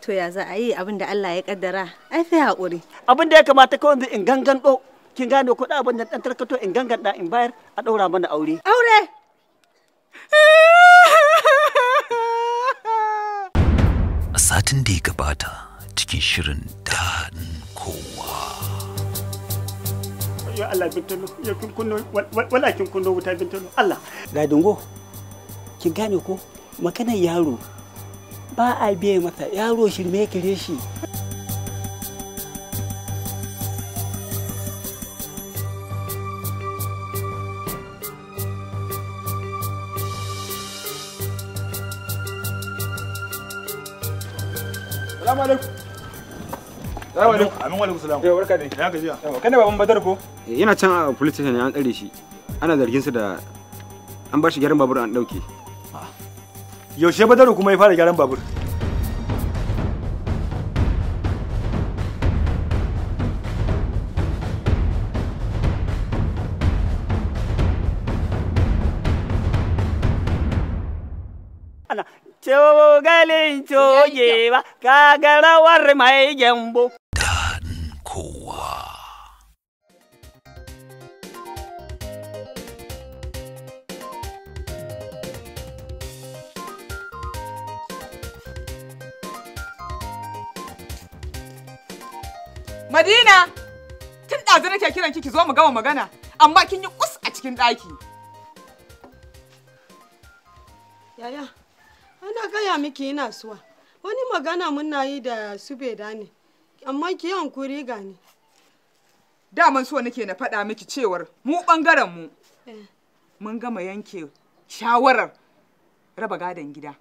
To ya za a yi abin da Allah ya kaddara ai sai haƙuri. Abin da ya kamata kawai in gangan ɗo kin gane kuɗa abin da ɗan tarkato in gangan ɗa in bayar a ɗaura mana aure. Aure! A satin da ya gabata cikin shirin daɗin kowa. Ya Allah bintalo ya kin kunno wala kin kunno wuta bintalo Allah. Ladungo, kin gane ko maganar yaro ba a biye masa yaro shirme kire shi Salamu alaikum. Salamu alaikum. Amin wa Ya Kana baban Badar ko? Yana eh, can a police station an tsare shi. Ana zargin su da an bashi gyaran babur an dauke. yaushe badaru kuma ya fara gyaran babur ka cogewa, kagarawar mai gembo. dan kowa. Madina, tun ɗazu nake kiran ki zo mu gama magana, amma kin yi kus a cikin ɗaki. Yaya, ana gaya miki ina suwa. Wani magana muna yi da su da ne, amma ki hankuri ga ni. Daman so nake na faɗa miki cewar mu ɓangaren mu. Eh. Mun gama yanke shawarar raba gadon gida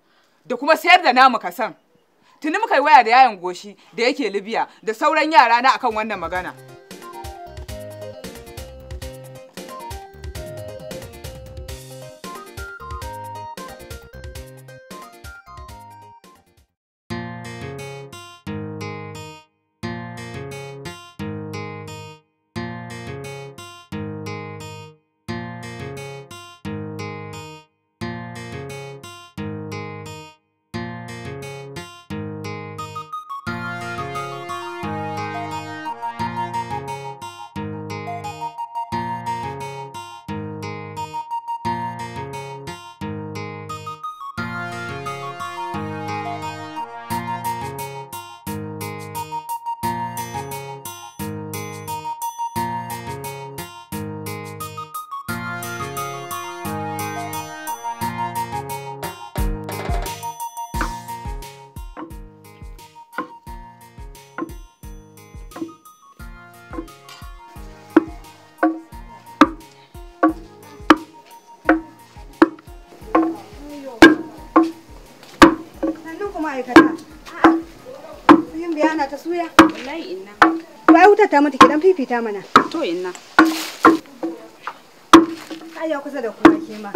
da kuma sayar da namu kasan. tuni muka yi waya da yayan goshi da yake libya da sauran yara na akan wannan magana wallahi inna ba wuta ta mata ki dan fifita mana to inna ai ya kusa da kuma ke ma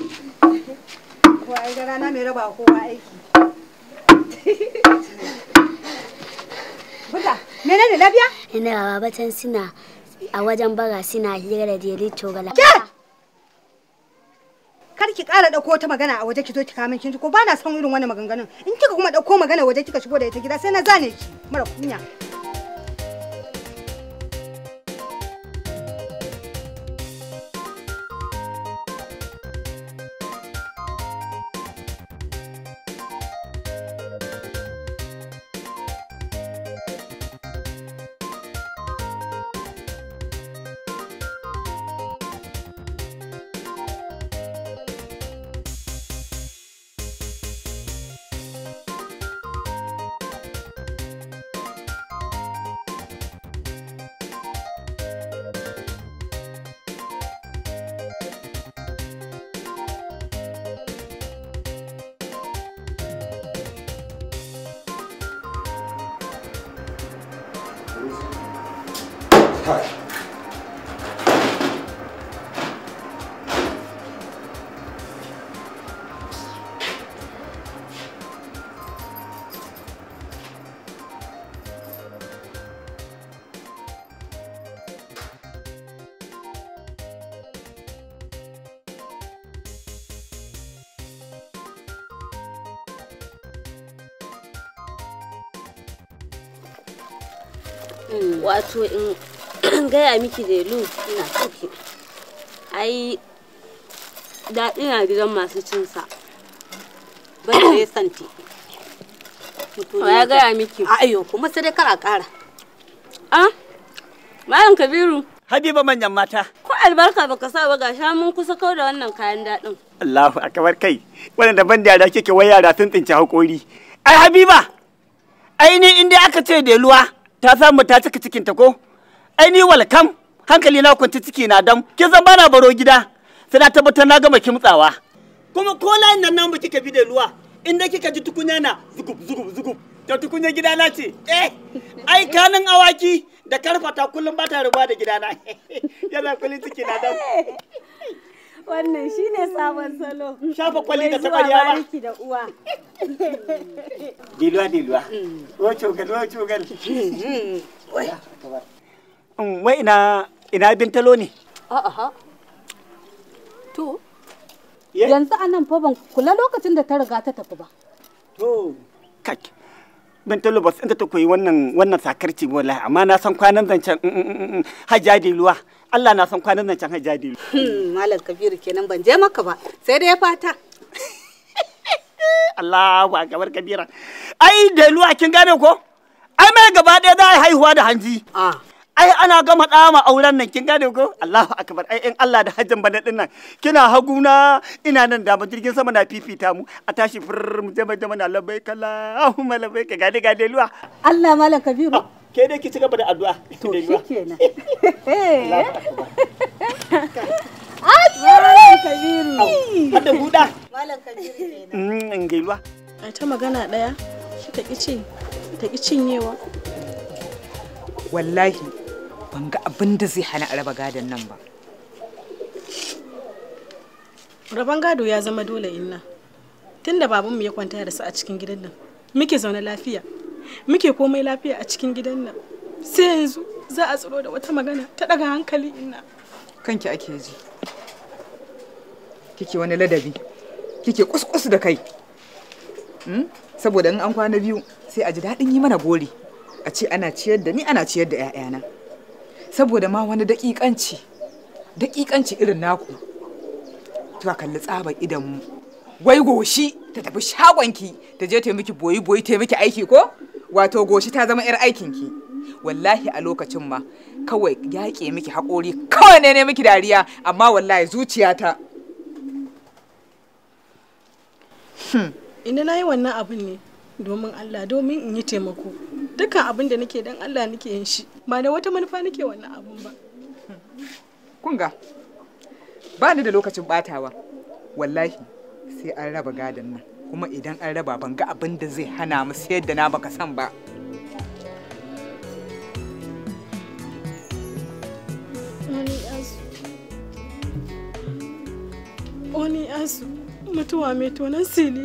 ko ai da rana mai raba kowa aiki Buga, menene labiya Ina baba can suna a wajen baga sina hira da to gala Ke! kar ki kara ɗauko ta magana a waje ki zo ki kamin kin ko ba na son irin wannan maganganun in kika kuma ɗauko magana waje kika shigo da ita gida sai na zane ki mara kunya wato in gaya miki lu ina ciki ai daɗi na gidan masu cinsa ba da ya santi ya gaya miki ayo kuma sai dai kara kara ah malam kabiru habiba manyan mata ko albarka baka sa ba gasha mun kusa kawo da wannan kayan daɗin Allahu akbar kai wannan da ban da kike wai yara tuntun tsinci hakori ai habiba ai ni inda aka ce da luwa ta samu ta cika cikin ta ko ai ni walkam hankali na kwanci ciki na dam ki zan bana baro gida sai na tabbatar na gama kimtsawa kuma ko layin nan namu kika bi da ruwa inda kika ji tukunya na zugub zugub zugub ta tukunya gida na ce eh ai kanin awaki da karfata kullum ba ta ruba da gidana yana kullun ciki na dam Wannan shi ne sabon salo. Shafa kwalli da takwariya ba. Mai da uwa. Diluwa diluwa. Wo cogal wo cogal. Mm, wai ina ina bin talo ne? To. Yanzu anan fa ban kula lokacin da ta riga ta tafi ba. To. Kak. Bin talo ba su inda ta koyi wannan wannan sakarci wallahi amma na san kwanan zancen mm, mm, hajja diluwa. Allah na san kwanan nan can hajjadi. Hmm, malam Kabiru kenan ban je maka ba sai dai fata. Allahu gabar kabira. Ai da luwa kin gane ko? Ai mai gaba ɗaya za a haihuwa da hanji. Ah. Ai ana gama ɗama auren nan kin gane ko? Allahu akbar. Ai in Allah da hajjan bana ɗin nan. Kina haguna ina nan da jirgin sama na fifita mu a tashi furr mu jama jama na labai kala. Allahumma labai ka gade gade luwa. Allah malam Kabiru. Ah. ke dai ki ci gaba da addu'a to shikenan eh. Malam Kabiru kenan. Mm, in gailuwa. A ta magana ɗaya shi ta ƙici ta cinyewa. Wallahi ban ga abin da zai hana araba gadon nan ba. Raban gado ya zama dole inna. Tunda babanmu ya kwanta da su a cikin gidan nan. Muke zaune lafiya. muke komai lafiya a cikin gidan nan sai yanzu za a tsiro da wata magana ta daga hankali ina kanki ake ji kike wani ladabi kike kuskus da kai hmm? saboda in an kwana biyu sai a ji daɗin yi mana gori a ce ana ciyar da ni ana ciyar da 'ya'yana saboda ma wani daƙiƙanci daƙiƙanci irin naku to a kalli tsaban idan mu wai goshi ta tafi shagonki ta je ta boyi boyi ta miki aiki ko wato goshi ta zama 'yar aikinki wallahi a lokacin ma kawai yaƙe miki haƙori kawai ne ne miki dariya amma wallahi zuciyata hmm. ina na yi wannan abin ne domin allah domin in yi taimako dukkan abin da nake don allah nake yin shi ba da wata manufa nake wannan abin ba kunga ba ni da lokacin batawa wallahi sai an raba gadon nan kuma idan an raba ban ga abin da zai hana mu sayar da na baka san ba Oni asu mutuwa mai tonan ne,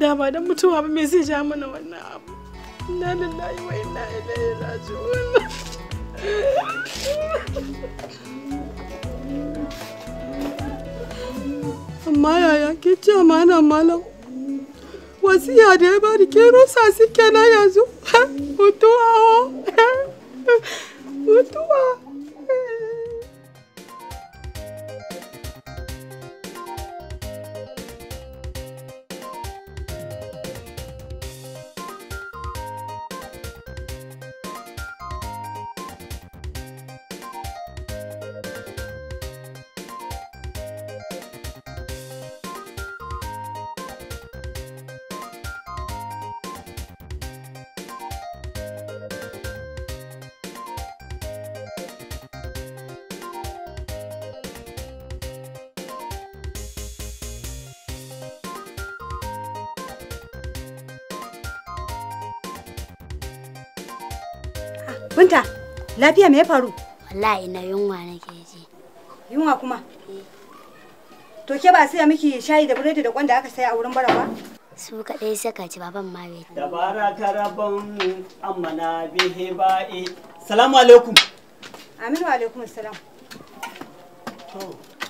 da ba dan mutuwa ba mai zai ja mana wannan abu inna lillahi wa inna ilaihi raji'un amma yaya ke ce amana malam wasiya da ya bani ke rusa su kenan yanzu mutuwa mutuwa Lafiya me ya faru? Wallahi na yunwa nake ji. Yunwa kuma? To ke ba sai miki shayi da biredi da kwanda aka saya a wurin bara ba? Su kaɗai saka ci baban ma bai. Dabara karaban amma na bihe ba'i. Salamu alaikum. Aminu alaikum salam.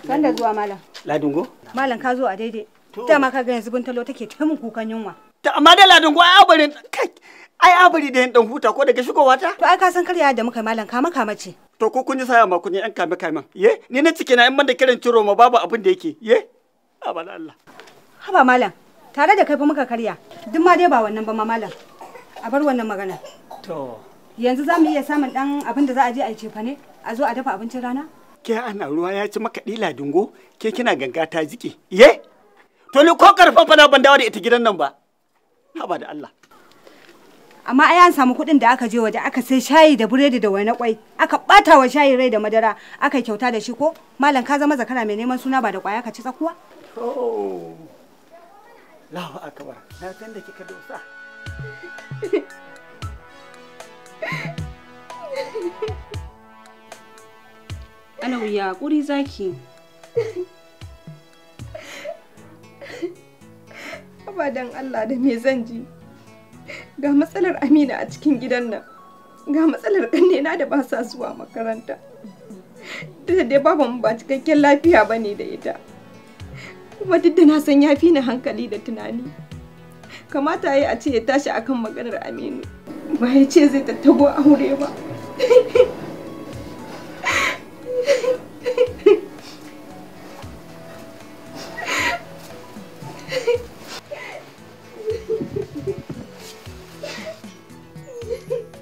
Kan da zuwa malam. Ladungo? Malam ka zo a daidai. Dama ka ga yanzu buntalo take ta mun kukan yunwa. Ta amma da ladungo ai abarin kai Ai abari da yin dan huta ko daga shigowa ta? To ai ka san karya da muka malam kama kama ce. To ko kun ji saya ma kun yan kame kame Ye? Ni na cike na in banda kiran ciro ma babu abin da yake. Ye? Abala Allah. Haba malam, tare da kai fa muka karya. Duk ma dai ba wannan ba ma malam. A bar wannan magana. To. Yanzu za mu iya samun dan abin da za a je a yi cefa ne? A zo a dafa abincin rana? Ke ana ruwa ya ci maka dila dingo, ke kina ganga ta jiki. Ye? To ni ko karfan fa na ban dawo da ita gidan nan ba. Haba da Allah. amma ai an samu kuɗin da aka je waje aka sai shayi da buredi da wani kwai aka bata wa shayi rai da madara aka kyauta da shi ko malam ka zama zakara mai neman suna ba da kwaya ka ci tsakuwa oh akbar na san da kika dosa kuri zaki. Abadan Allah da me zan ji. ga matsalar amina a cikin gidan nan ga matsalar ƙannena da ba sa zuwa makaranta da dai baban ba cikakken lafiya ba ne da ita kuma duk da na san ya fi ni hankali da tunani kamata ya a ce ya tashi a kan maganar aminu ba ya ce zai tattago aure ba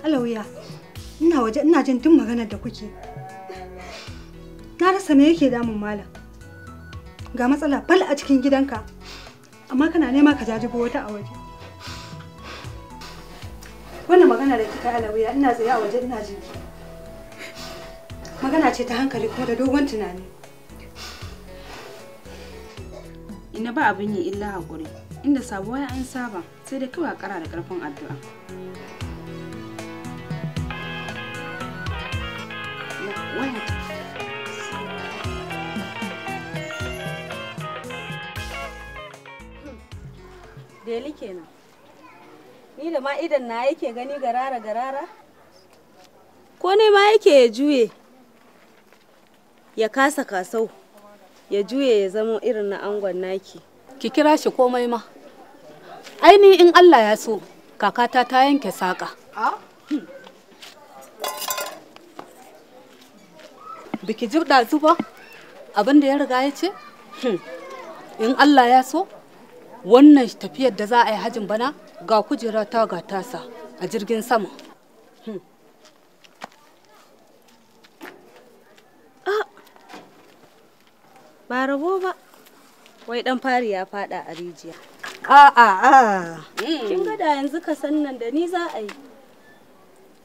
alawiya ina waje ina jin duk maganar da kuke na rasa me yake damun malam ga matsala bal a cikin gidanka amma kana nema ka jajibo wata a waje wannan magana da kika alawiya ina tsaye a waje ina jin magana ce ta hankali kuma da dogon tunani ina ba abin yi illa haƙuri inda sabuwa an saba sai da kawai a kara da ƙarfin addu'a Deli kenan. Ni da ma idan na yake gani garara garara? Ko ne ma yake ya juye? Ya kasa kasau. Ya juye ya zama irin na angon naki. Ki kira shi komai ma. Aini in Allah ya so, kakata ta yanke saƙa. Ah? biki ji da zuba, abin da ya riga ya ce hmm, in allah ya so wannan tafiyar da za a yi hajin bana ga kujera ta ga tasa a jirgin sama hmm. ba rabo ba wai dan fari ya fada a rijiya a a hmm. a kin ga da yanzu ka san nan da ni za a yi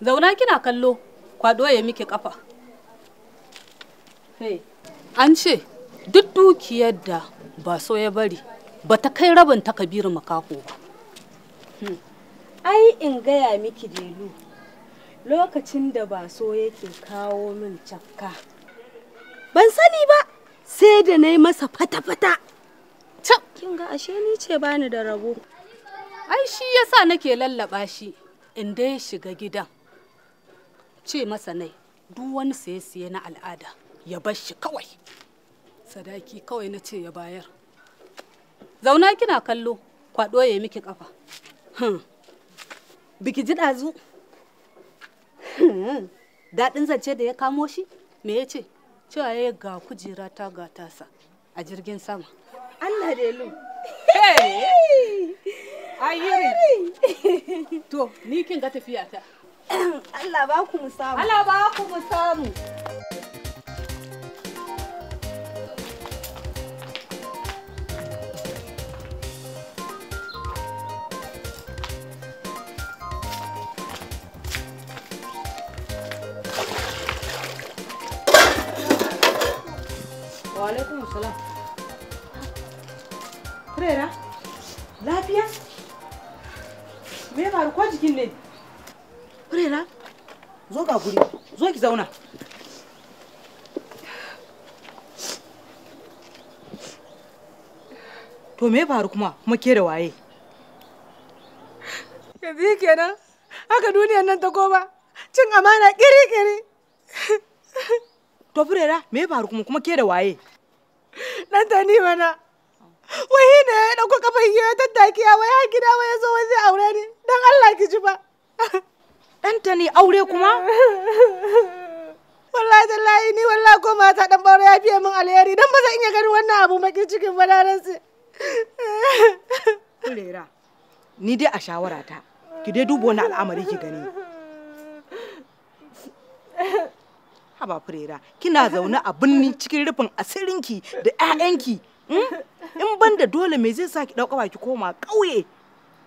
zauna kina kallo kwado ya miki kafa An ce duk dukiyar da ba so ya bari bata kai rabin ta kabiru makako ba. Hmm. Ai in gaya miki jelu lokacin da ba so yake kawo min cakka. Ban sani ba sai da na yi masa fata-fata. Kin ga ashe ni ce bani da rabo. Ai shi yasa nake lallaba shi in ya shiga gidan. Ce masa nai duk wani siye-siye na al'ada ya bar shi kawai sadaki kawai na ce ya bayar zauna kina kallo kwaɗo ya miki kafa hmm. biki ji ɗazu hmm. daɗin zance da ya kamo shi me ya ce cewa ya ga kujera ta ga tasa a jirgin sama allah delu ayyuri to ni kin ga tafiya ta allah ba ku mu samu allah ba ku mu samu salam Rera, lafiya? Me faru ko jikin ne? Rera, zo ga guri, zo ki zauna. To me faru kuma kuma ke da waye? Yanzu kenan, haka duniyar nan ta koma cin amana kiri-kiri. To Furera, me faru kuma kuma ke da waye? dan ni mana wai ne ya dauko kafar ya tattaki ya wai har gida wai ya zo wai zai aure ni dan Allah ki ji ba dan ni aure kuma wallahi tallahi ni wallahi ko mata dan baure ya fiye min alheri dan ba zan iya ganin wannan abu bakin cikin ba su Kulera, ni dai a shawara ta, ki dai duba wani al'amari ki gani. haba furera kina zaune a binni cikin rufin asirinki da 'ya'yanki hmm? in ban da dole me zai sa ki ɗauka baki koma ƙauye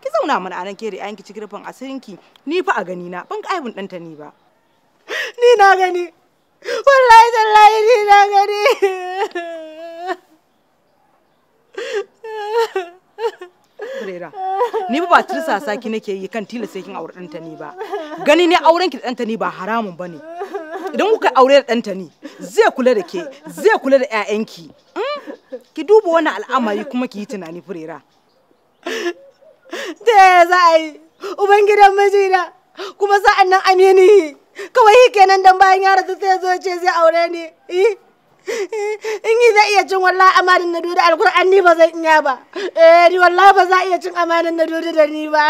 ki zauna mana anan ke da 'ya'yanki cikin rufin asirinki ni fa a gani na ban ga aibun ɗanta ni ba ni na gani wallahi sallahi ni na gani Furera, ni ba tirsasa ki nake yi kan tilasta kin aure ɗanta ni ba. Gani ne aurenki da ɗanta ni ba haramun bane. idan kuka aure da ɗanta ne zai kula da ke zai kula da 'ya'yanki hmm? ki duba wani al'amari kuma ki yi tunani furera ta yaya za a yi ubangidan mijina kuma sa'an nan amini kawai kenan dan bayan yara ta sai zo ce zai aure ni eh? Eh, ni zai iya cin wallahi amanin na dudu alkur'an ni ba zai iya ba eh ni wallahi ba za iya cin amanin na dudu da ni ba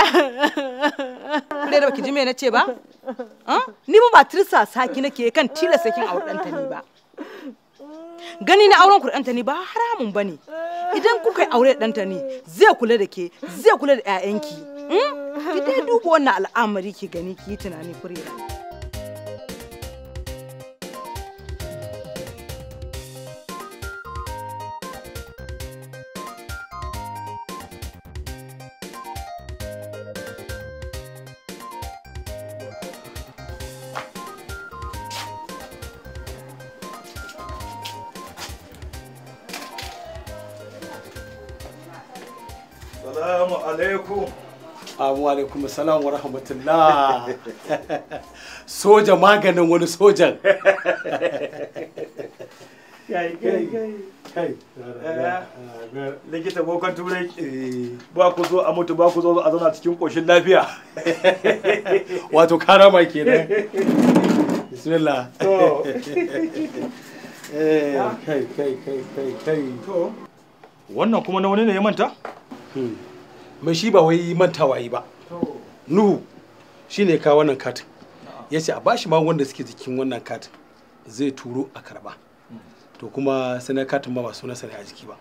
kure da baki ji me ce ba ni ba ba tirsa saki nake kan tilasta kin auren ta ni ba gani na auren ta ni ba haramun ba ne idan kuka yi aure ɗanta ni zai kula da ke zai kula da 'ya'yanki hmm? ki dai duba wannan al'amari ki gani ki tunani kurera alaikum salam wa rahmatullah soja maganin wani sojan kai kai kai eh, eh, likita bokan turai eh, ba ku zo a mutu ba ku zo a zauna cikin koshin lafiya wato karama kenan bismillah kai kai kai kai wannan kuma na wani ne ya manta? Hmm. mai shi ba wai mantawa yi ba nuhu shi ne kawo wannan katin ya ce a bashi ma wanda suke jikin wannan katin zai turo a karba to kuma sai katin ba ba sunan sani a jiki ba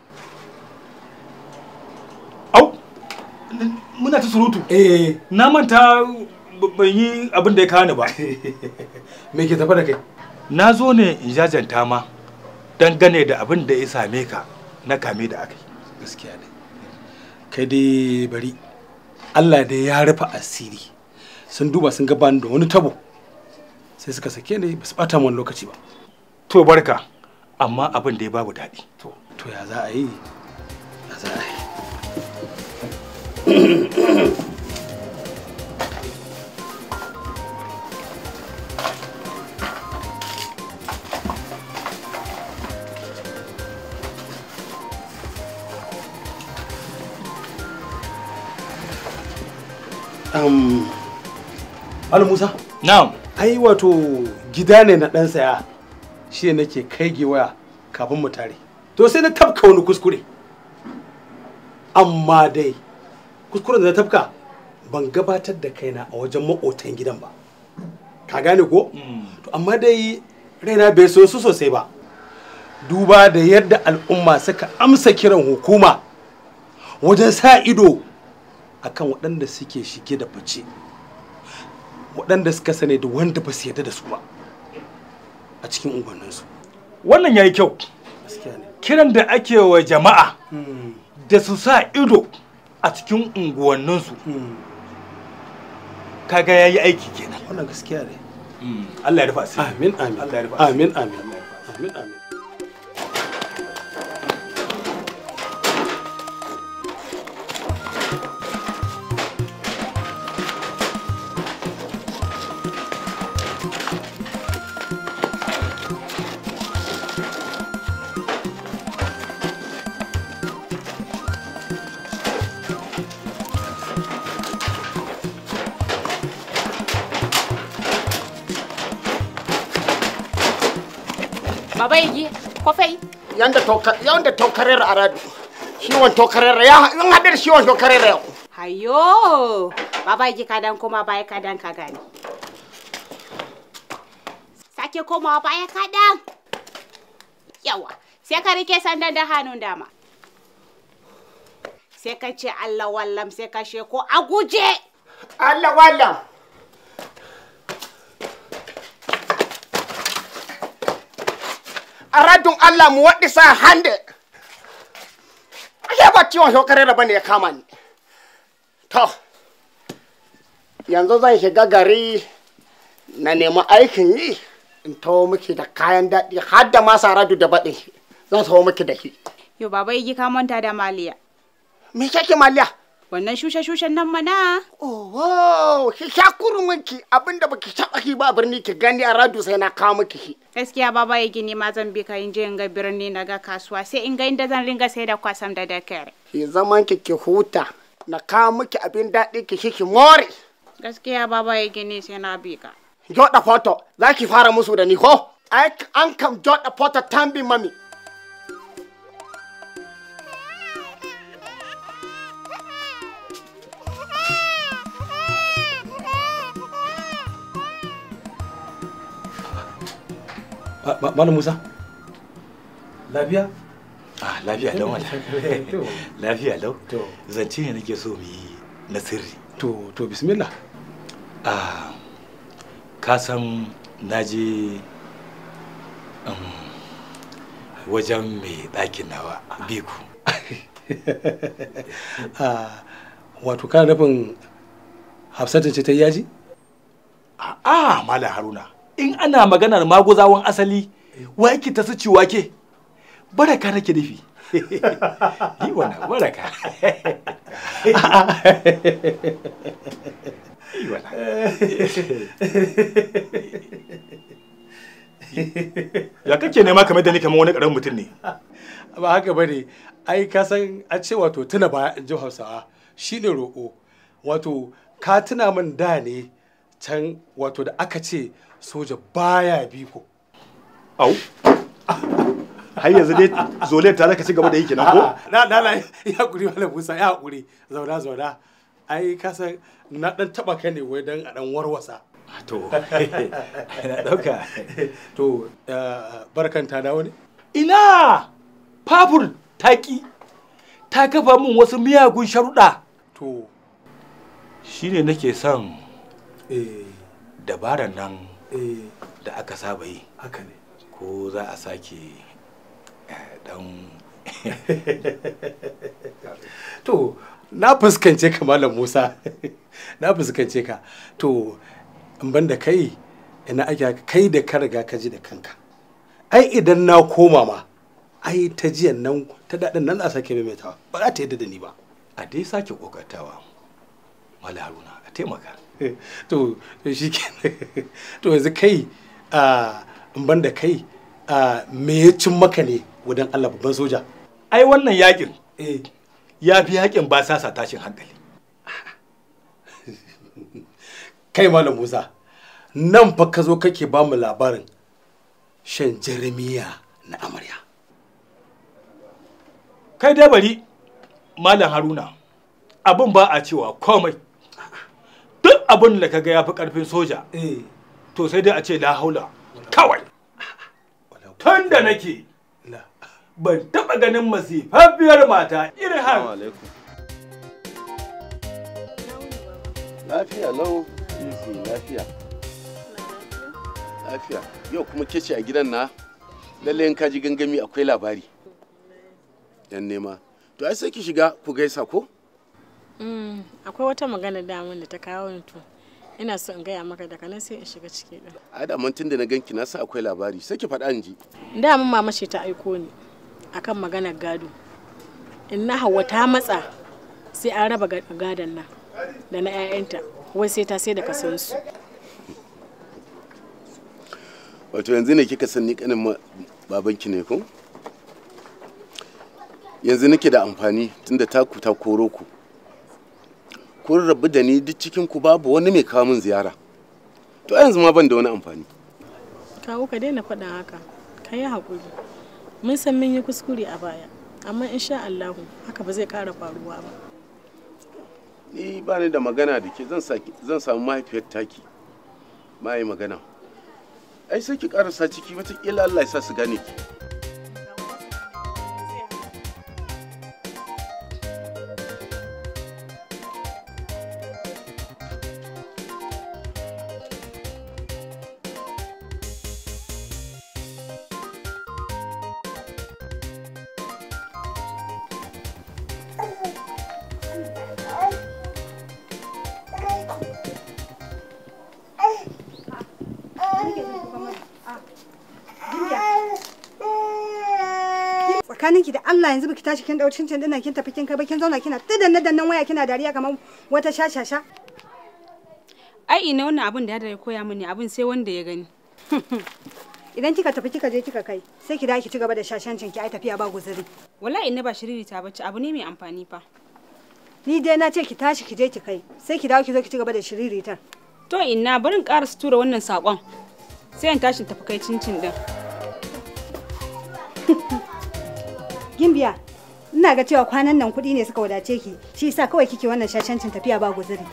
au muna ta surutu eh, eh, eh. na manta ban yi abin da ya kawo ni ba me ke tafa da kai na zo ne in jajanta ma dangane da abin da ya same ka na kame da akai gaskiya ne kai dai bari Allah da ya rufe asiri sun duba sun ga bani da wani tabo sai suka sake ne ba su bata mun lokaci ba to barka amma abin da ya babu daɗi to to ya za a yi za a yi Malam Musa? Na'am. Ai wato gida ne na ɗan saya shi ne nake kai waya kafin mu tare. To sai na tafka wani kuskure. Amma dai kuskuren da na tafka ban gabatar da kaina a wajen maƙotan gidan ba. Ka gane ko? Mm. To amma dai raina bai so su sosai ba. Duba da yadda al'umma suka amsa kiran hukuma wajen sa ido akan waɗanda suke shige da fice waɗanda suka sane da wanda ba su yarda da su ba a cikin unguwanninsu wannan yayi kyau kiran da ake wa jama'a hmm. da su sa ido a cikin unguwanninsu hmm. kaga yayi aiki kenan wannan gaskiya ne hmm. Allah ya rufa asiri amin amin Allah ya rufa amin amin amin amin mabaigi kofai yanda tokar yanda tokarar aradu ciwon tokarar ya in hadar ciwon tokarar ya hayo ka dan kuma baya kadan ka gani sake komawa baya ka dan yawa sai ka rike sandan da hannun dama sai ka ce Allah wallam sai ka ko a guje Allah wallam aradun Allah mu waɗi sa hande ake ba ciwon shokarera da ya kama ni to yanzu zan shiga gari na nemi aikin yi in tawo miki da kayan daɗi har da saradu da baɗin zan tawo miki da shi yo baba yi ka manta da maliya me kake maliya wannan shushe-shushen nan mana. Owo, ki kurun wanki abinda baki taba ki ba birni ki gani a radu sai na kawo miki shi. Gaskiya baba ba gini ma zan bi ka inje in ga birni na ga kasuwa sai in ga inda zan ringa sai da kwasam da dakar. Ki zaman ki ki huta na kawo miki abin daɗi ki shi ki more. Gaskiya baba yake sai na bi ka. Joɗa foto za ki fara musu da ni ko? An kam joɗa foto tambi mami. Malam Musa. Lafiya? Ah, lafiya lau wala. Lafiya lau. Zance ne nake so mu yi na sirri. To, to bismillah. Ah, ka san na je um, wajen mai ɗakin nawa biku. Ah, wato kana nufin Hafsatu ce ta yaji? A'a, ah, ah, Malam Haruna. in ana maganar maguzawan asali wa yake ta su ciwa ke baraka nake nufi yi wana baraka ya kake nema kamar da ni kamar wani karamin mutum ne ba haka bane ai ka san a ce wato tuna ba in ji hausawa ne roƙo wato ka tuna min da ne can wato da aka ce soja baya biko au har yanzu dai zole ta zaka ci gaba da yake kenan ko na na na ya kuri wani busa ya kuri zauna zauna ai ka san na dan taba kai ne wai dan a dan warwasa ah, to na dauka to eh, barkan ta dawo ne ina fafur taki ta kafa min wasu miyagun sharuɗa to shine nake son Eh. dabarar nan eh. da aka saba yi ko za a sake dan eh, to na fuskance ka malam musa na fuskance ka to in ban da kai ina ake kai da ka riga ka ji da kanka ai idan na koma ma ai ta jiyan nan ta daɗin nan a sake maimaitawa ba za ta yadda da ni ba a dai sake ƙoƙartawa mala haruna a taimaka to shi to yanzu kai a ban da kai me ya cin maka ne wajen Allah babban soja ai wannan yakin eh. ya fi yakin ba sasa tashin hankali kai malam Musa nan fa ka zo kake ba mu labarin shan jarmiya na amarya kai dai bari malam Haruna abin ba a cewa komai abin da kaga ya fi karfin soja eh. to sai dai a ce la kawai tun da nake ban taba ganin masifafiyar mata irin har lafiya lau lafiya lafiya yau kuma ke a gidan na lallai in kaji gangami akwai labari yan nema to ai sai ki shiga ku gaisa ko Mm, akwai wata magana damun da ta kawo ni to ina so in gaya maka daga nan sai in shiga ciki din a da mantin da na ganki na sa akwai labari sai ki faɗa in ji da mun mama ce ta aiko ni akan maganar gado in na hawa ta matsa sai an raba gadon nan da na 'ya'yanta wai sai ta sai da su wato yanzu ne kika san ni kanin babanki ne ko yanzu nake da amfani tunda taku ta koro ku kun rabu da ni duk cikin ku babu wani mai kawo min ziyara to yanzu ma ban da wani amfani kawo ka daina faɗa haka ka yi haƙuri mun san mun yi kuskure a baya amma insha Allah haka ba zai ƙara faruwa ba ni ba ni da magana da ke zan samu mahaifiyar taki ma yi magana ai sai ki ƙarasa ciki wataƙila Allah ya sa su gane ki yanzu biki tashi kin dau cincin dinnan kin tafi kin kai ba kin zauna kina ta danna dannan waya kina dariya kamar wata shashasha. Ai ina wannan abin da ya koya mini abin sai wanda ya gani. Idan kika tafi kika je kika kai sai ki dawo ki ci gaba da shashancin ki ai tafiya ba guzuri. Wallahi ina ba shiriri ta bace abu ne mai amfani fa. Ni dai na ce ki tashi ki je ki kai sai ki dawo ki zo ki ci gaba da shiriri ta. To ina barin ƙara sutura wannan sakon. Sai in tashi tafi kai cincin din. Gimbiya, ina ga cewa kwanan nan kuɗi ne suka wadace ki, shi yasa kawai kike wannan shashancin tafiya ba guzuri.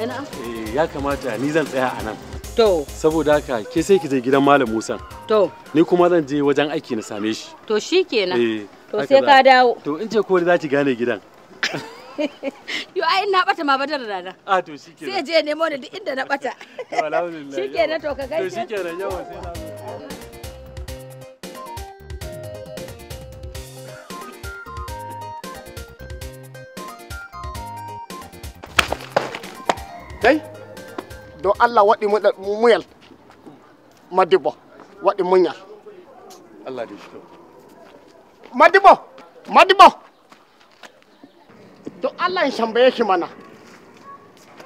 Eh, ya kamata ni zan tsaya a nan. To. Saboda haka ke sai ki je gidan Malam Musa. to ni kuma zan je wajen aiki na same shi to shi kenan. Eh, to sai ka dawo to in ce ko za ki gane gidan yo ai na bata ma badar rana a ah, to shi kenan. sai je nemo da duk inda na bata Shi kenan to ka gaishe to kenan yawa sai na don Allah waɗi muyal madibo. waɗin munya Allah da shi madibo madibo to Allah in shambaye shi mana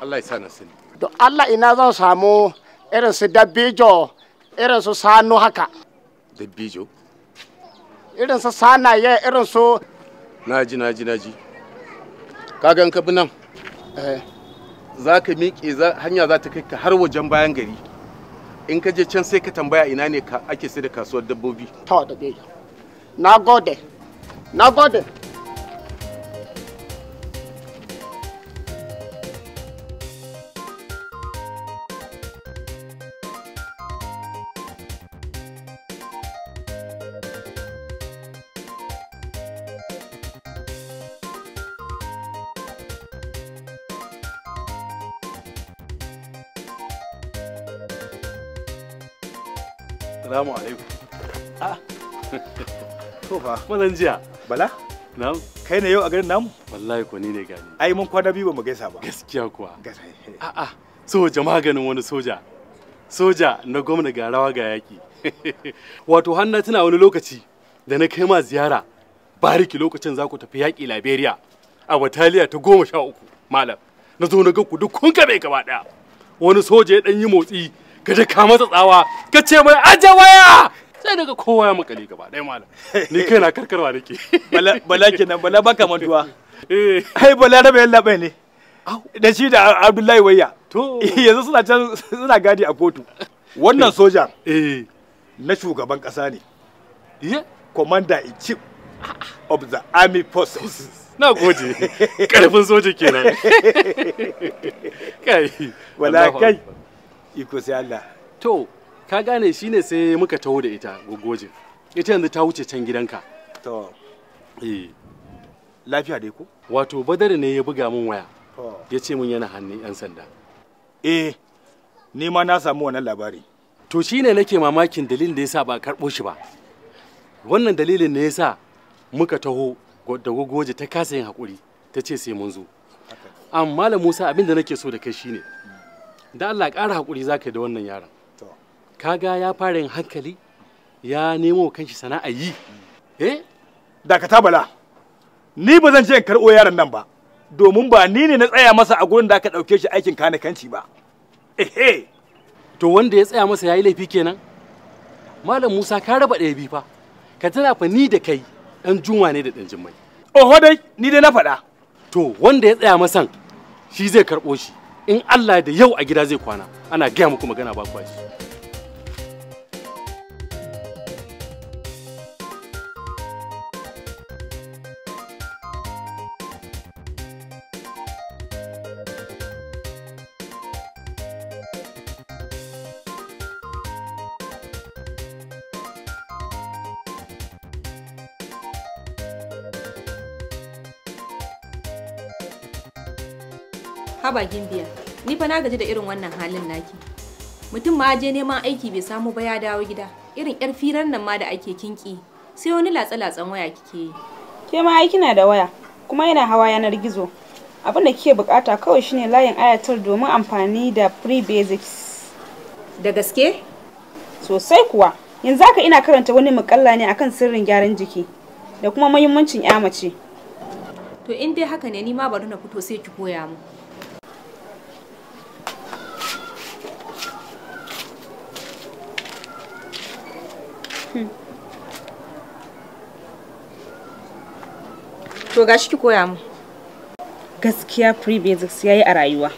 Allah ya sa sani to Allah ina zan samu irin su dabbijo irin su sanu haka dabbijo irin su sanaye irin su naji naji naji ka in ka nan eh za ka miƙe hanya za ta kai ka har wajen bayan gari in ka je can sai ka tambaya ina ne ake sai da kasuwar dabbobi to da na gode na gode Assalamu alaikum. Ah. To fa. Mazan jiya. Bala? Na'am. Kai ne yau a garin namu? Wallahi ko ni ne gani. Ai mun kwana biyu ba mu gaisa ba. Gaskiya kuwa. Gaskiya. A'a. Soja maganin wani soja. Soja na gwamna garawa ga yaki. Wato hanna tana wani lokaci da na kai ma ziyara bariki lokacin za ku tafi yaƙi Liberia a Bataliya ta goma sha uku malam. Na zo na ga ku duk kun kabe gaba ɗaya. Wani soja ya ɗan yi motsi ka je ka masa tsawa ka ce mai aje waya sai daga kowa ya makale gaba ɗaya malam ni kai na karkarwa nake bala kenan bala baka mantuwa eh. ai bala rabe yalla bai ne da shi da abdullahi waya to yanzu suna can suna gadi a kotu wannan eh. soja eh. na shugaban kasa ne commander in chief of the army forces na gode karfin soja kenan kai wala kai iko sai Allah to ka gane shine sai muka taho da ita gogojin ita yanzu ta wuce can gidanka to eh lafiya dai ko wato badar ne ya buga min waya ya ce min yana hannun yan sanda eh ni ma na samu wannan labari to shine nake mamakin dalilin da yasa ba karɓo shi ba wannan dalilin ne yasa muka taho da gogoje ta kasa yin hakuri ta ce sai mun zo amma malam Musa abin da nake so da kai shine da Allah ƙara hakuri za ka yi da wannan yaron kaga ya fara yin hankali ya nemo kanshi sana'a yi eh dakata bala ni ba zan je in karɓo yaron nan ba domin ba ni ne na tsaya masa a gurin da aka ɗauke shi aikin kanci ba ehe to wanda ya tsaya masa ya yi laifi kenan malam musa ka raba ɗaya bi fa ka tana fa ni da kai ɗan juma ne da ɗan jimmai oho dai ni dai na faɗa to wanda ya tsaya masan shi zai karɓo shi in Allah da yau a gida zai kwana ana gaya muku magana ba kwaji haba Ni fa na gaji da irin wannan halin naki. Mutum ma je neman aiki bai samu ba ya dawo gida. Irin yar firar nan ma da ake kinki. Sai wani latsa-latsan waya kike yi. Ke ma ai kina da waya kuma yana hawa yanar gizo. Abin da kike bukata kawai shine layin ayatar domin amfani da Free Basics. Da gaske? Sosai kuwa. Yanzu haka ina karanta wani mukalla ne akan sirrin gyaran jiki da kuma muhimmancin ya mace. To in dai haka ne ni ma bari na fito sai ki koya mu. to gashi ki koya mu gaskiya free basics yayi a rayuwa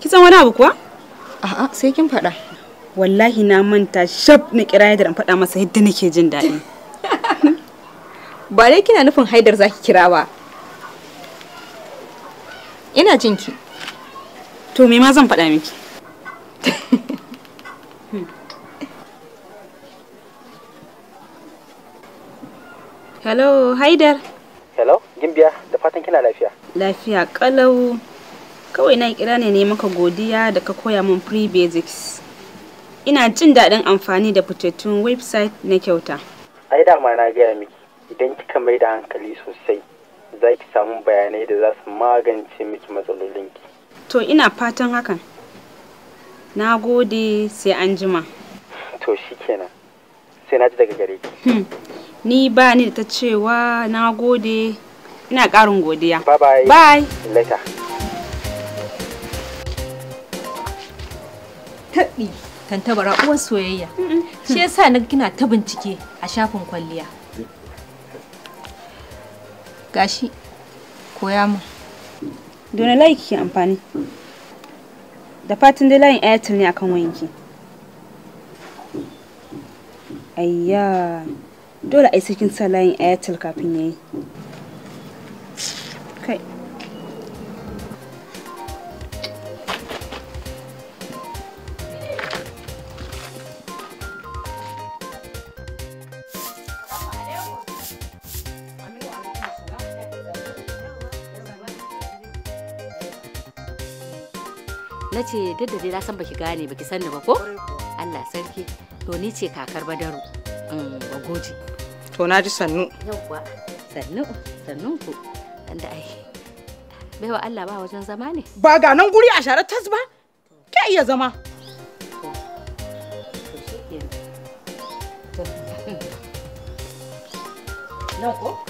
ki san wani abu kuwa a'a sai kin faɗa wallahi na manta shaf na kira da in faɗa masa yadda nake jin daɗi ba dai kina nufin haidar zaki kira ba ina jinki to me ma zan faɗa miki Hello, Haidar. Hello, Gimbiya, da fatan kina lafiya. Lafiya kalau. Kawai na kira ne ne maka godiya da ka koya min free basics. Ina jin daɗin amfani da fitattun website na kyauta. Ai dama na gaya miki, idan kika mai da hankali sosai, za ki samu bayanai da za su magance miki matsalolinki. To ina fatan hakan. Na gode sai an jima. To shikenan. Sai na ji daga gare ki. Hmm. ni ba ni da ta cewa na gode ina ƙarin godiya bye bye later taɓi tantabara uwar soyayya shi yasa na kina ta bincike a shafin kwalliya gashi koya min dona layi kike amfani da fatin dai layin airtel ne akan wayanki ayya dole ai cikin sa layin airtel kafin yayi kai na ce da dai na san baki gane baki ni ba ko Allah sarki to ni ce kakar badaru mm, ba goji To na ji sannu. Yawwa sannu sannu ku. Wanda ai. Baiwa Allah ba wajen zama ne. Ba ga nan guri a share tas ba. Ke iya zama. Nan ko?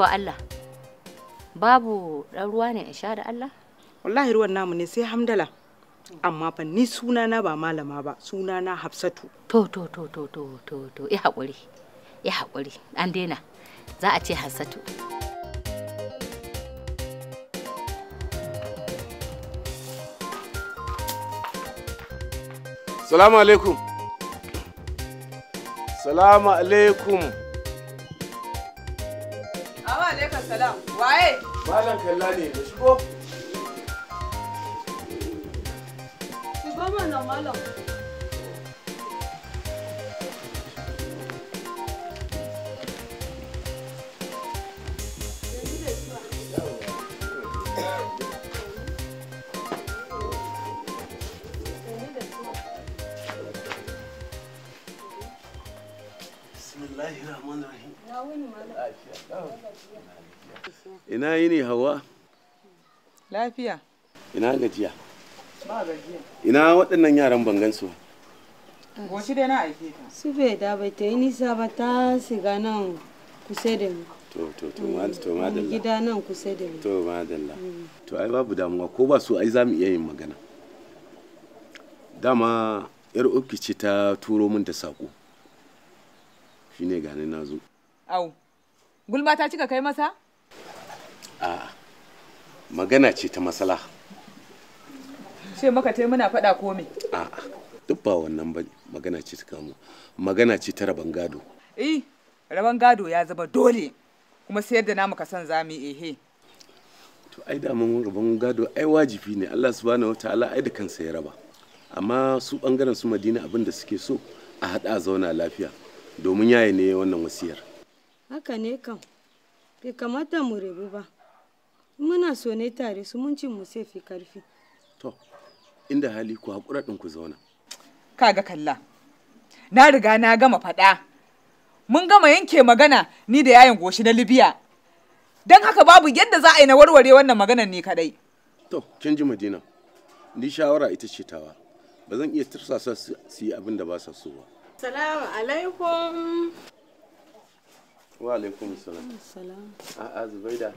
wa Allah babu ɗan ruwa ne in sha da Allah wallahi ruwan namu ne sai hamdala amma fa ni sunana ba malama ba sunana hafsatu to to to to to to to ya haƙuri ya haƙuri an daina za a ce hafsatu salamu alaikum salamu alaikum salam waye malam kalla ne da shigo shigo mana malam Bismillahirrahmanirrahim. Ya wani malam. Lafiya. Ina yi ne hawa? Lafiya. Ina gajiya? Ba gajiya. Ina waɗannan yaran bangan su Goshi dai na aike ta. Su bai da bai ta yi nisa ba ta siga nan kusa da mu. To to to ma to ma mm, dalla. Gida nan kusa da mu. To ma dalla. Mm. To ai babu damuwa ko ba su ai za mu iya yin magana. Dama yar ofki ce ta turo min da sako. Shine gane na zo. Au. Gulma ta cika kai masa? A'a, magana ce ta matsala ce maka tai muna faɗa komai. A'a, a duk ba wannan ba magana ce ta kamo magana ce ta raban gado eh raban gado ya zama dole kuma sayar da namu kasan zamu ehe eh. to ai da mun raban gado ai wajibi ne Allah subhanahu wataala ai da kansa ya raba amma su bangaren su Madina abin da suke so a hada zauna lafiya domin yayi ne wannan wasiyar haka ne kam bai kamata mu rabu ba muna so ne tare su mun mu sai fi karfi to inda hali ku hakura ɗin ku zauna kaga kalla na riga na gama faɗa mun gama yanke magana ni da yayin goshi na libya don haka babu yadda za a yi na warware wannan maganar ni kadai to kin ji madina ni shawara ita ce tawa ba zan iya tursasa su yi abin da ba sa so ba salamu alaikum wa alaikum salam a'a zubaida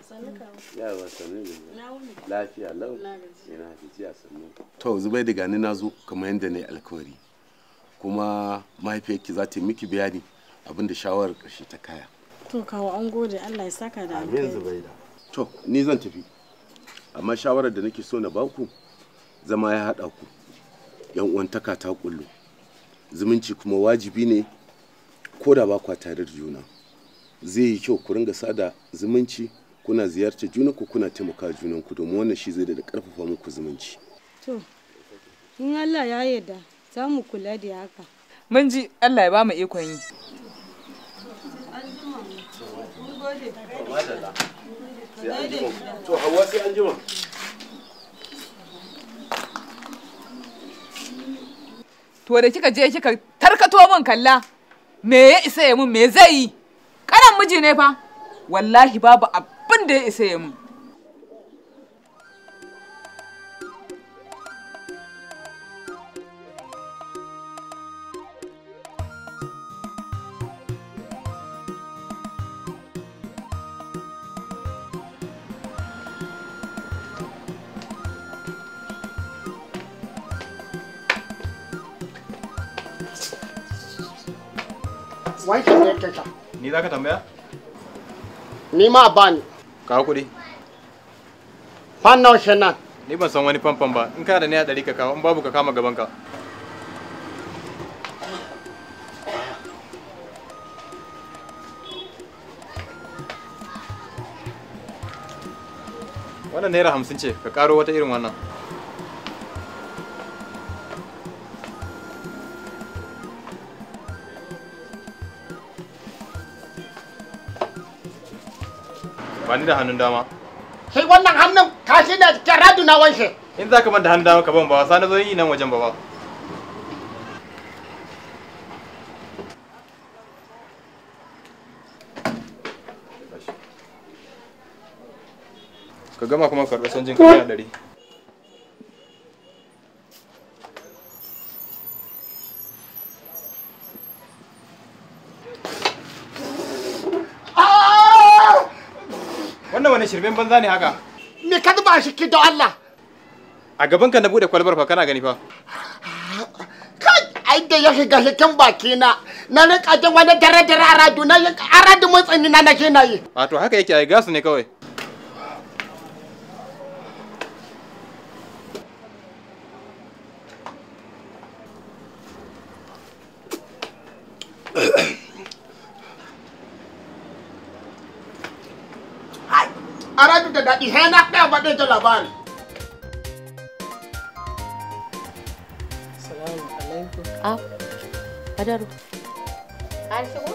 yawa ne da lafiya lau yana jiya sannu to zubaida gani na zo kamar yadda ne alkawari kuma mahaifiyarki za ta yi miki bayani abin da shawarar ƙarshe ta kaya to kawo an gode allah ya saka da amin da to ni zan tafi amma shawarar da nake so na baku zama ya haɗa ku yan uwantaka ta kullu zumunci kuma wajibi ne ko da ba kwa tare da juna zai yi kyau ku ringa sada zumunci kuna ziyartar junanku kuna taimaka junanku domin wannan shi zai da karfafa muku zumunci to in Allah ya yarda za mu kula da haka mun ji Allah ya ba mu ikon yi to hawa sai an to da kika je kika tarkato min kalla me ya isa ya mun me zai yi Kanan miji ne fa. Wallahi babu abin da ya isa ya mun. Wai get ta? Ni za ka tambaya? Ni ma bani. ka kuɗi. Fan nawa kenan? Ni ban san wani fanfan ba. In ka da naira ɗari ka kawo, in babu ka kama gaban ka. Wannan naira hamsin ce, ka karo wata irin wannan. ba ni da hannun dama sai wannan hannun ka shi da kyaradu na wanshe in za ka manta hannun dama ka ban ba wasa na zo yi nan wajen ba ba ka gama kuma karɓar sanjin kaya ɗari shirben banza ne haka me ka zuba shi ki da Allah a gaban ka na bude kwalbar fa kana gani fa kai ai da ya shiga hikin baki na na rinka jin wani dare dare radu na aradu mun tsani na nake na yi wato haka yake ai gas ne kawai faɗi sai na kai faɗin ta labari Assalamu alaikum. Ah, Badaru. An shigo?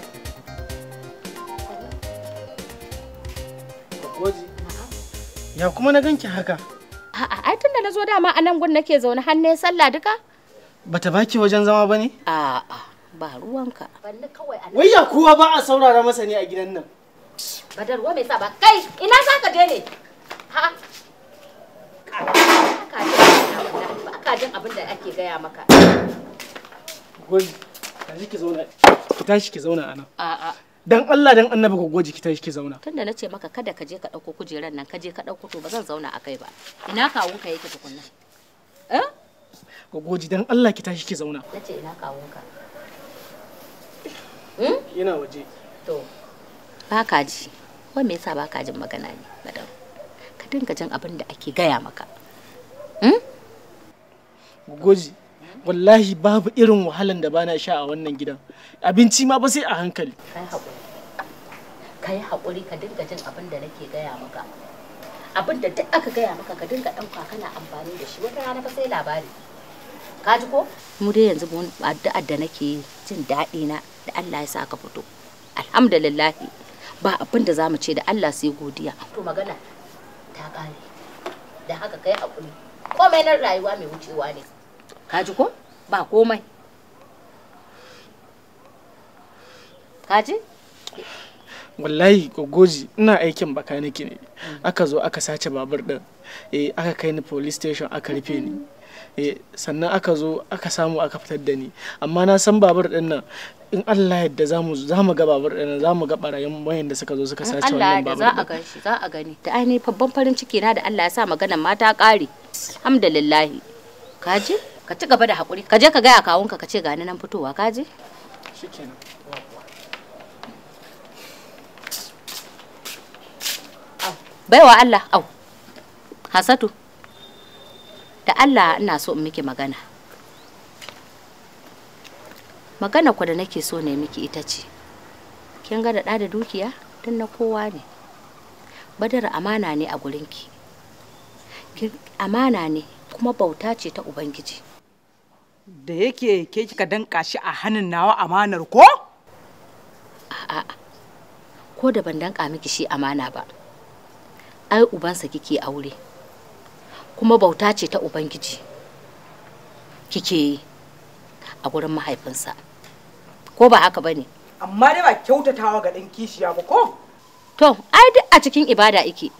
Ya kuma na ganki haka? A'a, ai tunda na zo dama a nan gun nake zaune har ne sallah duka? Bata baki wajen zama bane? A'a, ba ruwanka. Banni kawai a Wai ya kowa ba a saurara masa ne a gidan nan. Badar, wa me sa ba? Kai, ina za ka je Baka shi ki zauna. Ki tashi Dan Allah dan Annabi ku goji ki tashi ki zauna. Tunda nace maka kada ka je ka dauko kujeran nan, ka je ka dauko to ba zan zauna a akai ba. Ina kawun ka yake tukunna? Eh? Ku goji dan Allah ki tashi ki zauna. na ce ina kawun ka. Hmm? Yana waje. Hmm? To. Baka ji. Wai me yasa baka jin magana ne, madam? ka dinga jin abin da ake gaya maka hmm? goji wallahi babu irin wahalan da bana sha a wannan gidan abinci ma ba sai a hankali ka yi haƙuri ka dinga jin abin da nake gaya maka abin da duk aka gaya maka ka dinga ɗauka kana amfani da shi wata rana ka sai labari ka ji ko mu dai yanzu mun addu'ar da nake jin daɗi na da Allah ya sa ka fito alhamdulillah ba abin da za mu ce da Allah sai godiya to magana ta da haka kai haƙuri komai na rayuwa mai wucewa ne ka ji ko ba komai ka ji wallahi gogoji ina aikin bakaniki ne aka zo aka sace babur din eh aka kai ni police station aka rufe ni Eh, sannan aka zo aka samu aka fitar da ni amma na san babur din nan in Allah yadda za mu za mu ga babur din za mu ga barayin wayan da suka zo suka sace wannan babur Allah za a gani za a gani da ainihin babban farin ciki na da Allah ya sa magana mata kare alhamdulillah kaji ka ci gaba da hakuri ka je ka ga kawunka ka ce gani nan fitowa kaji shikenan baiwa Allah au hasatu da Allah ina so in miki magana magana ku da nake so ne miki ita ce kin ga da da dukiya dan na kowa ne badar amana ne a gurinki amana ne kuma bauta ce ta ubangiji da yake ke kika danka shi a hannun nawa amanar ko a'a ko da ban danka miki shi amana ba ai ubansa kike aure kuma bauta ce ta ubangiji kike yi a gurin mahaifinsa ko ba haka bane amma dai ba kyautatawa ga ɗan kishiya ba ko to ai duk a cikin ibada yake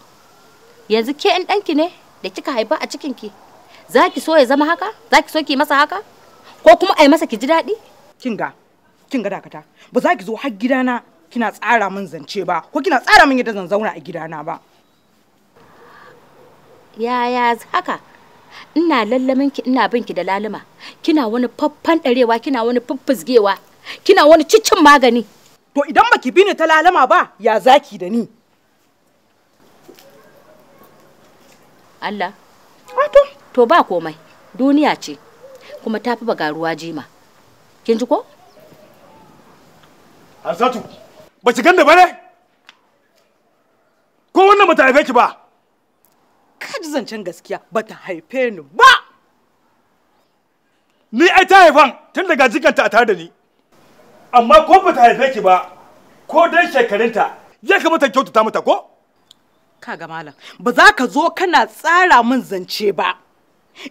yanzu ke in ɗanki ne da kika haifa a cikin ki za ki so ya zama haka za ki so ki masa haka ko kuma ai masa ki ji daɗi kinga kinga dakata ba za ki zo har gidana kina tsara min zance ba ko kina tsara min yadda zan zauna a gidana ba yaya haka ina lallamin ki ina binki da laluma kina wani faffan darewa kina wani fuffuzgewa kina wani ciccin magani to idan baki bi ni ta lalama ba ya zaki da ni Allah wato ah, to ba komai duniya ce kuma tafi bagaruwa jima kin ji ko Arzatu ba ki ganda ba ne ko wannan ba ta ki ba ka ji zancen gaskiya ba ta haife ni ba ni ai ta haifan tun daga jikanta a tare da ni amma ko ba ta haife ki ba ko dan shekarunta ya kamata kyautata mata ko ka ga malam ba za ka zo kana tsara min zance ba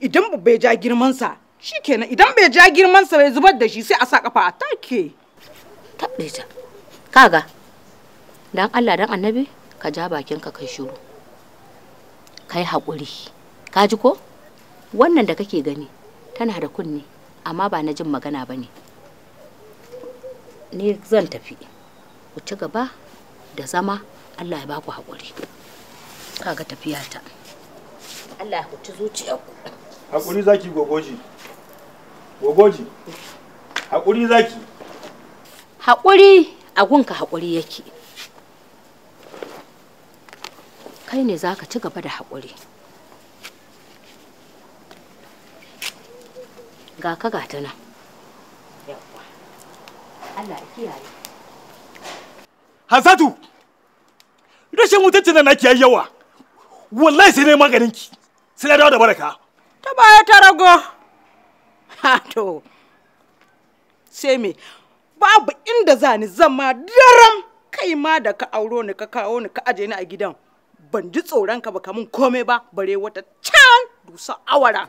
idan bai ja girmansa shikenan idan bai ja girmansa bai zubar da shi sai a sa kafa a take taɓe ta kaga dan Allah dan annabi ka ja bakinka kai shiru kai haƙuri ka ji ko wannan da kake gani tana da kunne amma ba na jin magana ba ne ni zan tafi ku ci gaba da zama allah ya ba ku haƙuri kaga tafiya ta allah ya kuci zuciyarku haƙuri zaki gogoji gogoji haƙuri zaki haƙuri a gunka haƙuri yake kai ne za ka ci gaba da haƙuri ga ka gata nan Allah kiyaye Hansatu rashin mutuncin nan nake yawa wallahi sai ne maganin ki sai na dawo da baraka ta baya ta rago ha to sai me babu inda za ni zama daram kai ma da ka auro ni ka kawo ni ka aje ni a gidan ban ji tsoron ka ba kamun komai ba bare wata can dusa awara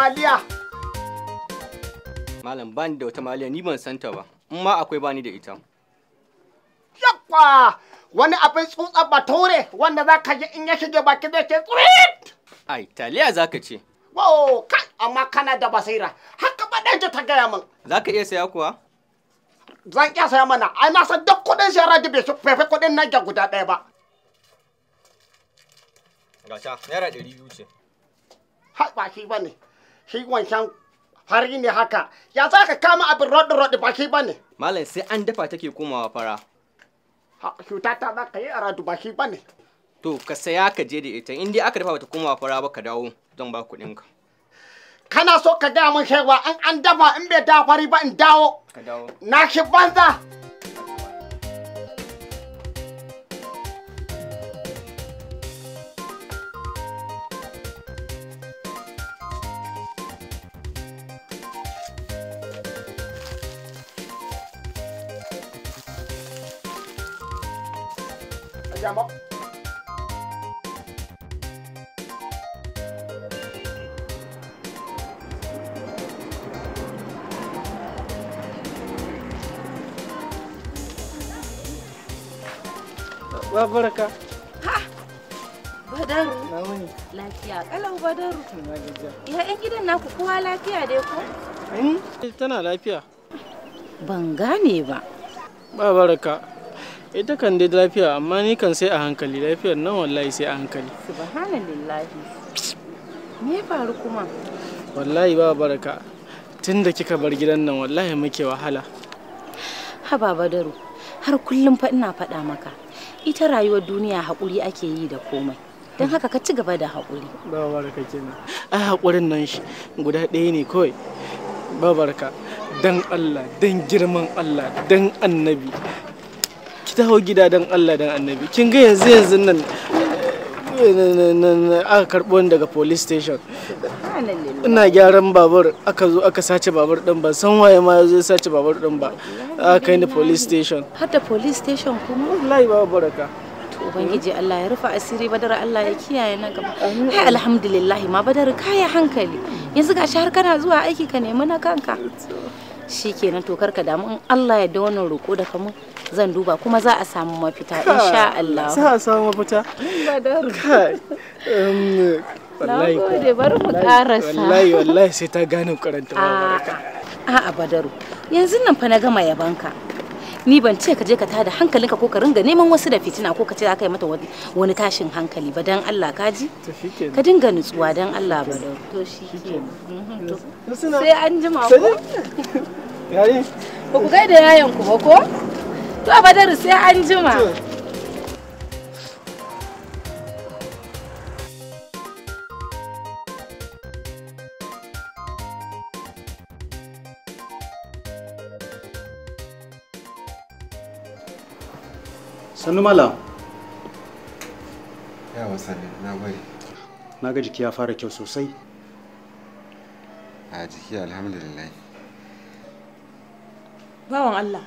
maliya malam bani da wata maliya ni ban santa ba in ma akwai bani da ita yakwa wani abin tsutsa bature wanda za ka ji in ya shige baki zai ce tsurit ai taliya za ka ce wow ka, amma kana da basira haka baɗan ta gaya min za ka iya saya kuwa zan iya saya mana ai na san duk kuɗin shara da bai fefe kuɗin nan guda ɗaya ba gasha naira ɗari biyu ce ha ba shi ba ne shi wancan fari ne haka ya za ka kama abin rodin rodi ba shi bane malam sai an dafa take komawa fara cuta ta za ka yi a radu ba shi bane to ka saya ka je da ita inda aka dafa bata komawa fara ba ka dawo zan ba kuɗin ka kana so ka gaya min shaiwa an an dafa in bai da fari ba in dawo na shi banza baraka. Ha! Badaru. Ya gidan naku kowa lafiya dai ko? Hmm? Ban gane ba. Ba baraka. Ita kan dai lafiya amma ni kan sai a hankali lafiyar nan wallahi sai a hankali. Me faru kika bar gidan nan wallahi muke wahala. har kullum fa ina faɗa maka. ita rayuwar duniya haƙuri ake yi da komai don haka ka ci gaba da haƙuri ba barka kenan ai haƙurin nan shi guda ɗaya ne kawai ba barka dan Allah dan girman Allah dan annabi ki dawo gida dan Allah dan annabi kin ga yanzu yanzu nan aka karɓo ni daga police station ina gyaran babur aka zo aka sace babur din ba san waye ma ya zo ya sace babur din ba aka kai ni police station hatta police station kuma wallahi ba baraka to ubangiji Allah ya rufa asiri badar Allah ya kiyaye na gaba kai alhamdulillah ma badar kaya hankali yanzu gashi har kana zuwa aiki ka nemi na kanka shikenan to karka damu in Allah ya da wannan roko da kamun zan duba kuma za a samu mafita insha Allah za a samu mafita um, wallahi bari mu karasa wallahi wallahi sai ta gane karanta a'a badaru yanzu nan fa na gama yabanka ni ban ce ka je ka tada hankalinka ko ka ringa neman wasu da fitina ko ka ce aka yi mata wani tashin hankali ba dan Allah ka ji ka dinga nutsuwa dan Allah ba dan to shi ke mhm, sai an jima ko yayi ba ku gaida yayan ku ba ko to badaru sai an jima sannu malam yawa sani na bari na ga jiki ya fara kyau sosai a jiki alhamdulillah bawan allah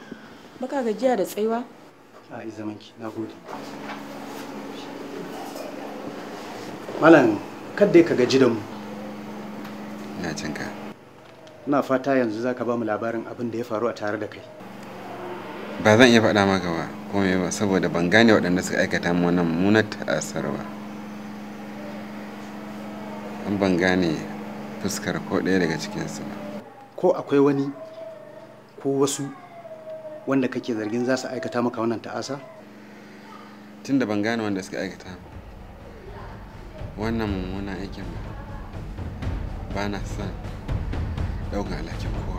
baka gajiya da tsaiwa a yi zaman ki na gode malam kadda ka gaji da mu na cinka ina fata yanzu za ka ba mu labarin abin da ya faru a tare da kai ba zan iya faɗa maka ba kome ba saboda ban gane waɗanda suka aikata mu wannan a ta'asar ba an ban gane fuskar ko ɗaya daga cikinsu ba ko akwai wani ko wasu wanda kake zargin za su aikata maka wannan ta'asa? Tun da ban gane wanda suka aikata wannan mummunan aikin ba na son ɗaukan alhakin kowa.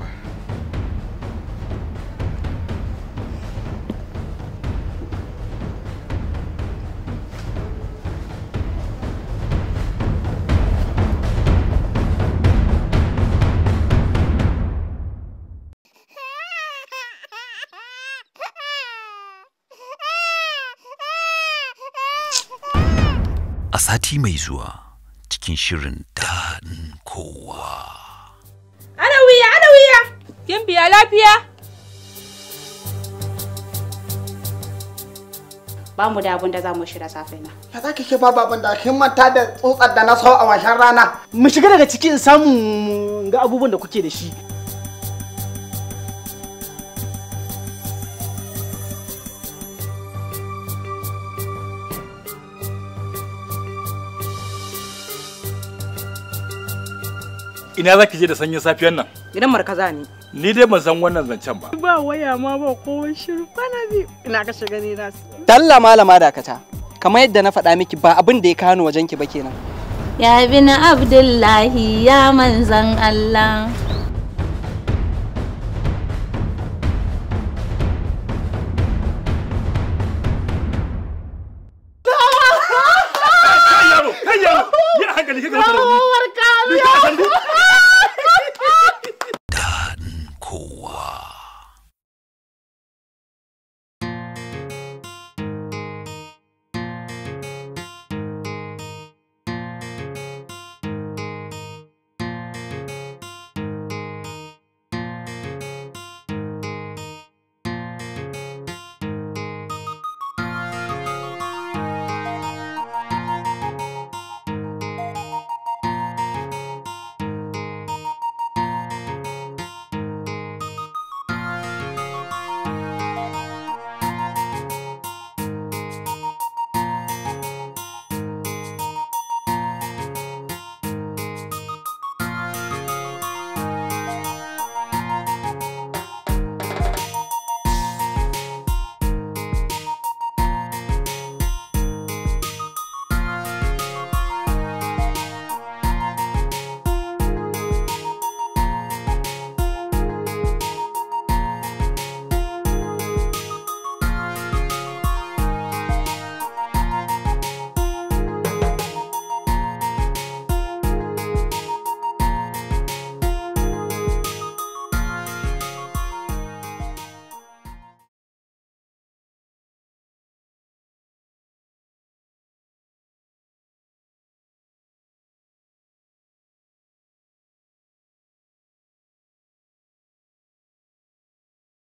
shi mai zuwa cikin shirin daɗin kowa. Ana wuya, ana wuya! Kin lafiya? ba mu da abin da za mu shirya safe na. Ya za ki ke ba babin da kin manta da tsotsar da na sau a washen rana. Mu shiga daga ciki in samu ga abubuwan da kuke da shi. ina za ki je da sanyin safiyan nan gidan markaza ne ni dai ban san wannan zancen ba ba waya ma ba kowa shiru kwana biyu ina ka shiga ne na Talla malama dakata kamar yadda na faɗa miki ba abin da ya kano wajen ki ba kenan ya bin abdullahi ya manzan allah hankali kika